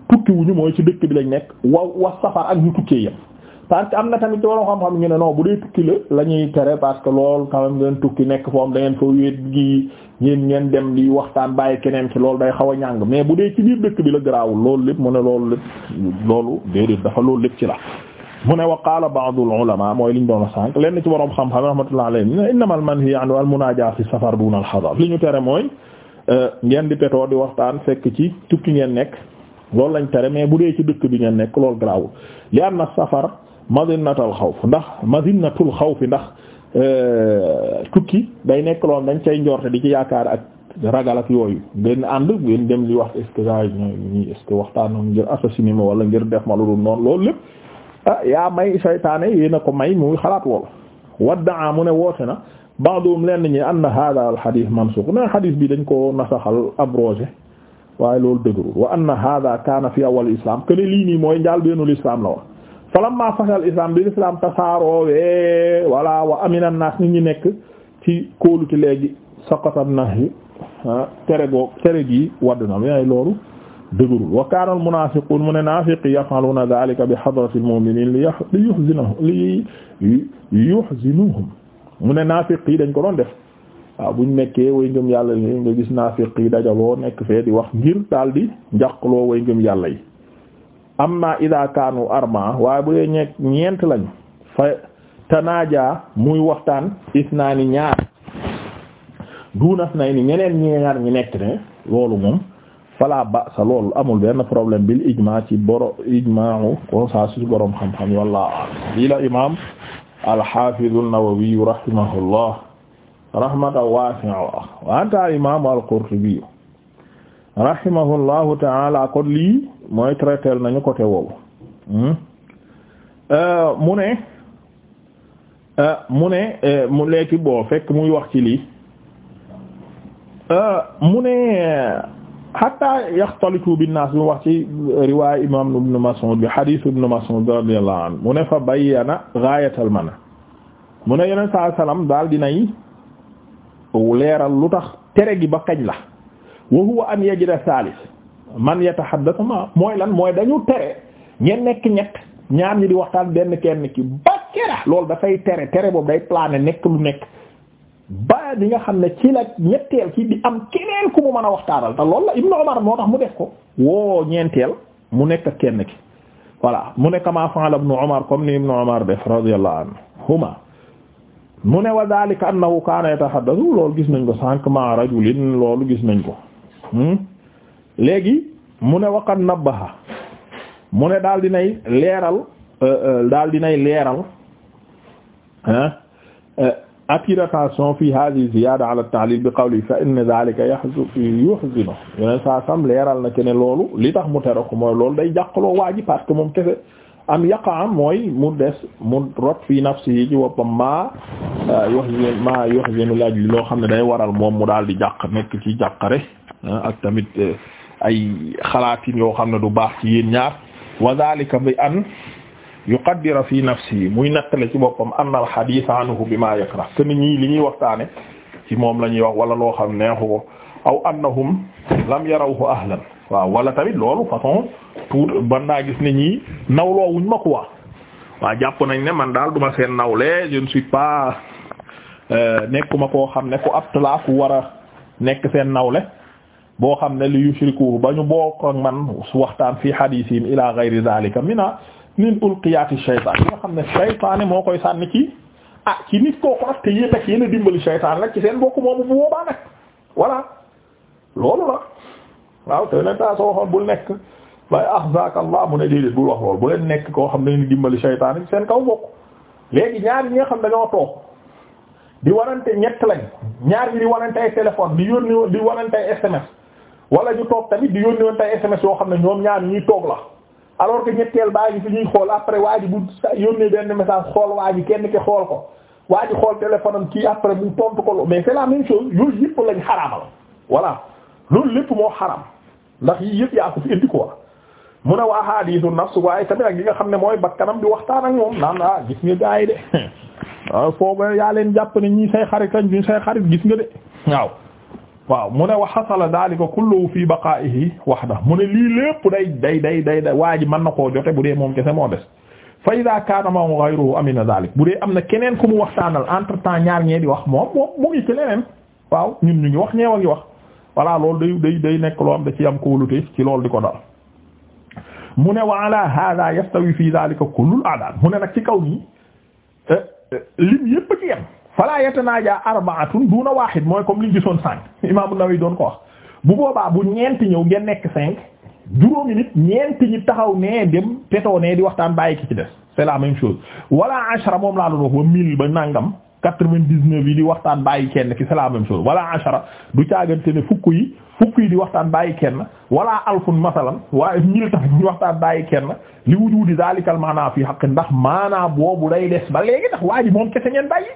tukki wuñu mooy ci dëkk bi lañ nekk wa wa safar ak ñu tukkee yëpp parce que am na tamit waroo xam-xam ñu ne non bu dee tukki la la tere parce que loolu quand ngeen tukki nekk foofu da ngeen fa wéet gi ñeen ngeen dem di waxtaan bàyyi keneen ci loolu day xaw a ñàng mais bu dee ci biir dëkk bi la garaawul loolu lépp mu ne loolu lépp loolu déedéet dafa loolu lépp ci la mu ne wa qaala ba'dul ulama mooy liñ doon a sànq lenn ci borom xam-xam rahmatullah alayhi ne innamal manhi an al munaaja fi safar duna al hadar li ñu tere mooy euh, ngeen di petoo di waxtaan fekk ci tukki ngeen nekk loolu lañ tere mais bu dee ci dëkk bi ngeen nekk loolu garaawul li na safar madinatul xawf ndax madinatul xawf ndax euh, tukki day nekk loolu dañ cay njorte di ci yaakaar ak ragal ak yooyu benn ànd ngeen dem li wax est-ce waxtaan ngir assassiné ma wala ngir def ma lu dul noonu loolu lépp ah, yaa may saytaane yéen a ko may muy xalaat lool waddaa mu ne woote na ba'dum lenn ñi anna hada al hadith mansukh na hadith bi dañ ko al abrogé waaye loolu dëgërul wa anna hada kaana fi awal islam que ne lii nii mooy njaal beenul falamma fasal islam bi l'islam tasaaroowee walla wa amina naas nit nekk ci kóolute léegi saqata nahyi tere goo tere gi wadd na yaay loolu dëgërul wa kaana al munaafiquun mu yaf'aluuna dhaalika bi hadrati al mu'miniin li yuhzinuhum li yuhzinuhum mu ne naafiq yi dañ ko doon def waaw buñ nekkee way ngëm yàlla yi nga gis naafiq yi dajaloo nekk fee wax ngir daal di njaqloo way ngëm yàlla yi amma ida kaanu arba waaye bu dee ñeek ñeent lañu fa tanaaja muy waxtaan isnaani ñaar duunas nay ni ñeneen ñaar ñi nekk ne loolu moom fala ba sa loolu amul benn problème bil ijma ci boro ijma'u consensus borom xam-xam wallahu a'lam lii la imam al-hafiz an-nawawi rahimahullah rahmatan wasi'a wa anta imam al-qurtubi rahimahullahu ta'ala kon lii mooy traité nañu côté woowu hmm? euh, mu ne euh, mu ne euh, mu lekki boo fekk muy wax ci lii mu ne hatta yaxtalitu binnaas bi wax ci riwaay imam ibn Mas'ud bi hadith ibn Mas'ud radiyallahu anhu mu ne fa bayyana ghayatal mana mu ne yeneen saa salaam daal dinay leeral lu tax tere gi ba kañ la wa huwa an yajida salis man yatahaddathu ma mooy lan mooy dañu tere ngeen nekk ñett ñaar ñi di waxtaan benn kenn ki ba kera loolu dafay tere tere boobu day plané nekk lu nekk ba di nga xam ne ci la ñetteel ki di am keneen ku mu mën a waxtaanal te loolu Ibnu Umar moo tax mu def ko woo ñeenteel mu nekk kenn ki wala mu ne kama fa'ala Ibnu Umar comme ni Ibnu Umar def radiyallahu anhuma mu ne wa dhalika annahu kaana yatahaddathu loolu gis nañ ko sànq ma rajulin loolu gis nañ ko hmm? léegi mu ne waqat nabbaha mu ne daal dinay leeral euh, euh, daal dinay leeral euh, attire attention fi hadhihi ziyada ala ta'lil bi qawli fa inna dhalika yahzu yuhzinu yeneen leeral na ke ne loolu li tax mu tere ko mooy lool day jàqaloo waa ji parce que moom kese am yaqa mooy mu des mu rot fi nafsihi ci boppam maa yuhzin maa yuhzinu laaj loo xam ne day waral moom mu daal di jàq nekk ci jàqare ak tamit ay xalaatin yoo xam ne du baax ci yéen ñaar wa dhalika bi an yuqaddira fi nafsi muy le ci boppam ann al hadith anhu bima yakrah te ni ñii li ñuy waxtaane ci moom la ñuy wax wala loo xam neexu ko aw annahum lam yarawhu ahlan waaw wala tamit loolu façon tuut naa gis ne ñii nawloo wuñ ma ko waa waaw jàpp nañ ne man daal duma seen nawle je ne suis pas euh, nekkuma koo xam ne ko apt laa ku war a nekk seen nawle boo xam ne li yushriku ba ñu bokk ak man waxtaan fii hadithihim ila ghayri zalika mina min ulqiyaati shaytaan yi nga xam ne shaytaan moo koy sànni ci ah ci nit kooku nag te yéen ak dimbali shaytaan nag ci seen bokk moomu bu boobaa nag voilà loolu la waaw te leen taa soo waxoon bul nekk waaye ahzaaka Allah mu ne déedéet bul wax loolu bu leen nekk koo xam ne dañuy dimbali shaytaan ci seen kaw bokk léegi ñaar ñi nga xam dañoo toog di warante ñett lañ ñaar ñi di wala ñu toog tamit di yónnee woon tay SMS yoo xam ne ñoom ñaar ñuy toog la alors que ñetteel baa ngi fi ñuy xool après waa ji bu yónnee benn message xool waa ji kenn ki xool ko waa xool téléphone am kii après mu tontu ko mais c'est la même chose yooyu yëpp lañ xaraamal voilà loolu lépp moo xaraam ndax yii yëpp yaa ko fi indi quoi mu ne waa ahadiisu nafs waaye tamit ak li nga xam ne mooy bakkanam bi waxtaan ak moom naan ah gis nga gaay de waaw yaa leen jàpp ne ñii say xarit lañ ñii say xarit gis nga de waaw mu ne wa xasala daalika kullu fi baqaa'ihi wahda mu ne lii lépp day day day day day waa ji mën na koo jote bu dee moom kese moo des fa idaa kaana ma ghayruhu amina daalik bu dee am na keneen ku mu waxtaanal entre temps ñaar ñee di wax moom moom mu waaw ñun ñu ngi wax ñeewa ngi wax voilà lool day day day nekk loo am da ci am kóolute ci loolu di ko dal mu ne wa ala hada yastawi fi daalika kullu al-a'daad mu ne nag ci kaw nii eh, eh, lim yépp ci yem wala fala yatanaaja arba'atun duuna waahid mooy comme liñ gisoon cinq Imaam An-Nawawi doon ko wax bu boobaa bu ñeenti ñëw ngeen nekk cinq juróomi nit ñeenti ñi taxaw nee dem petoo nee di waxtaan bàyyi ki ci des c'est la même wala ashara moom laa doon wax ba mille ba nangam quatre-vingt-dix-neuf yi di waxtaan bàyyi kenn ki c'est la même chose wala ashara du caagante ne fukk yi fukk yi di waxtaan bàyyi kenn wala alfun masalan waaye mille tamit ñu waxtaan bàyyi kenn li wujuudi zaalikal maanaa fii haqq ndax maanaa boobu day des ba léegi ndax waa ngeen bàyyi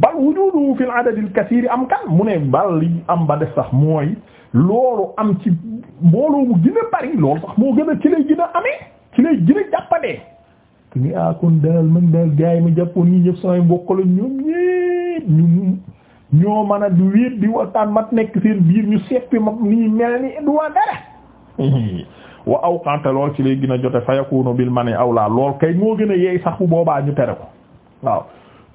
bal wujudu fil adadil kasiir am kan mu ne bal am ba def sax mooy loolu am ci mbooloo mu gën a bari loolu sax moo gën a ci lay gën a a jàppandee te ni ah kon daal ma jàppoon di wéet di waxtaan mat nekk seen biir ñu seppi ma nii mel ni dara wa awqante lool ci lay gën a jote fa yakunu bil mani awla lool kay moo gën a yeey sax bu boobaa ñu tere ko waaw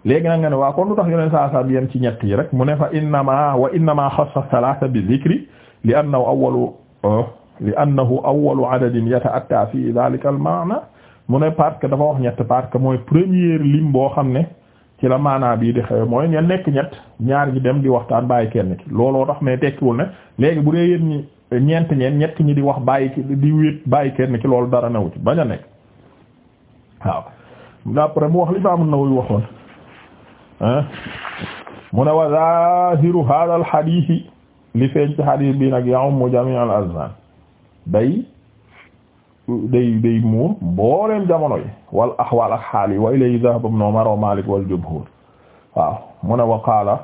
léegi nag nga ne waa kon lu tax yoneen saa saa ci ñett yi rek mu ne fa innama wa innama xassa salaasa bi zikri li annahu awwalu euh, li annahu awwalu adadin yata'atta fi dhalika al maana mu ne parce dafa wax ñett park mooy première lim boo xam ne ci la maanaa bii di xew mooy ña nekk ñett ñaar ñi dem waxtaan bàyyi kenn looloo tax mais tekkiwul ne léegi bu dee yéen ñi ñeent ñett ñi di wax bàyyi ki kenn ki loolu dara newu ci bañ a nekk waaw d'après mu wax li Imam An-Nawawi waxoon mu ne wa zahiru hadha al hadith li feeñ ci hadith bi nag ya jami' al azman day day day muur mbooleem wal ahwal ak xaal yi wa ilay dhahaba ibn umar wa malik wal jumhur waaw mu ne wa qaala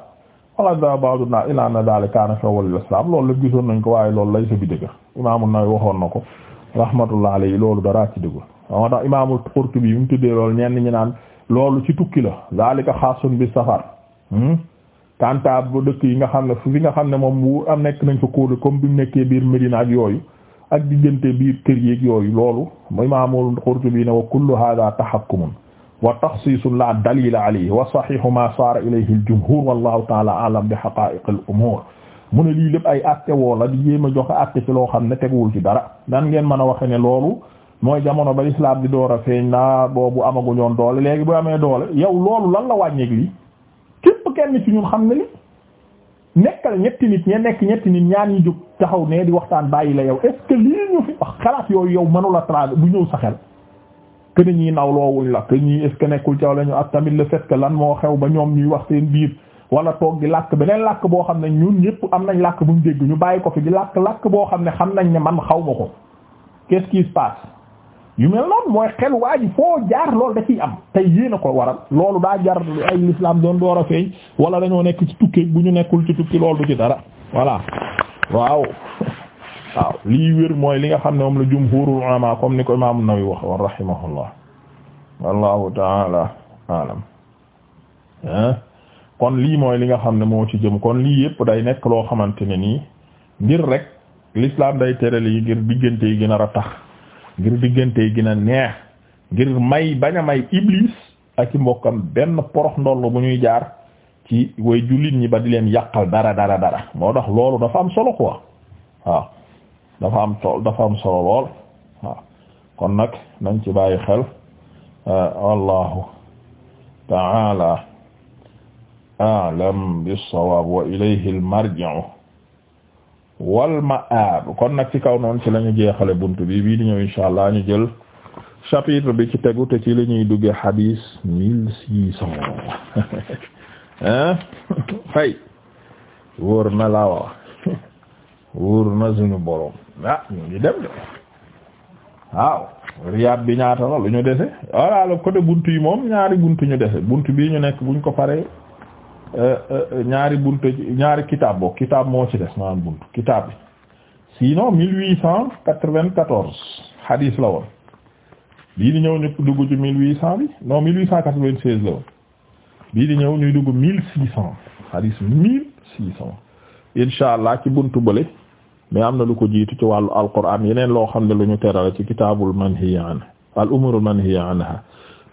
waqad dhahaba ba'duna ila anna dhalika kana fi awwal al islam loolu lépp gisoon nañ ko waaye loolu lay sa bi dëgg imaamu Nawawi waxoon na ko rahmatullah alayhi loolu daraa ci dëggul waaw moo tax imaamu Qurtubi bi mu tuddee loolu ñenn ñi naan loolu ci tukki la zalika xaasun bi safar hmm? kanta bu dëkk yi nga xam ne fi nga xam ne moom mu am nekk nañ fa kóode comme bi mu nekkee biir Medina ak yooyu ak diggante biir kër yeeg yooyu loolu imaamul Qurtubi ne wa kullu hada tahakkumun wa taxsiisun la dalila alayhi wa sahihu ma saara ilayhi al wa wallahu taala aalam bi haqaa'iq al umuur mu ne lii lépp ay acte woo la di jéem a joxe acte ci loo xam ne teguwul ci dara dan ngeen mën a waxe ne loolu mooy jamono ba islam di door a feeñ naa boobu amaguñoon doole léegi bu amee doole yow loolu lan la wàññeeg lii képp kenn ci ñun xam ne li nekkal ñetti nit ñe nekk ñetti nit ñaar ñu jóg taxaw nee di waxtaan bàyyi la yow est lii ñu fi xalaat yooyu yow mënula traver bu ñëw sa xel que ni ñuy nawloowuñ la que ñii est nekkul caw la ñu ak tamit le fait que lan moo xew ba ñoom ñuy wax seen biir wala toog di làkk beneen làkk boo xam ne ñun ñëpp am nañ làkk buñ dégg ñu bàyyi ko fi di làkk làkk boo xam ne xam nañ ne man xaw ko qu'est-ce yu mel noonu mooy xel waa foo jaar loolu da ciy am tey yéen a ko waral loolu daa jar ay l'islam doon door a feeñ wala dañoo nekk ci tukki bu ñu nekkul ci tukki loolu du ci dara voilà waaw waaw lii wér mooy li nga xam ne moom la jumhurul ulama comme ni wa rahimahullah wallahu kon lii mooy li nga xam ne moo ci jëm kon lii yëpp day nekk loo xamante ne nii ngir rek l'islam day tere lii ngir diggante gën a ratax ngir diggante gina gën a neex ngir may bañ may iblis ak ci mbokkam benn porox ndoll bu ñuy jaar ci way jullit ñi ba di leen yàqal dara dara dara moo dax loolu dafa am solo quoi waaw am tool dafa am solo lool kon nag nañ ci bàyyi xel euh, wallahu ta'ala a'lam bis-sawab wa ilayhi al wal ma'aab kon nag ci kaw noonu ci lañu jeexale bunt bi bii di ñëw insha allah ñu jël chapitre bi ci tegu te ci la ñuy duggee hadis mille six cent hein na laa wax wóor na suñu borom ah ñu ngi dem de waaw riyaad bi ñaata la lu ñu dese voilà le côté buntu yi moom ñaari bunt ñu dese bunt bii ñu nekk buñ ko pare ñaari buntu ñaari kitaab boo kitaab moo ci des maanaam buntu kitaab bi sinon mille huit cent quatre-vingt-quatorze hadis la woon bii di ñëw ñu dugg ci mille huit cent bi non bii di ñëw ñuy dugg mille six cent hadis mille six cent insha allah ci buntu bële mais am na lu ko jiitu ci wàllu alquran yeneen loo xam ne lu ñu terale ci kitaabul manhiya an al umurul manhiya anha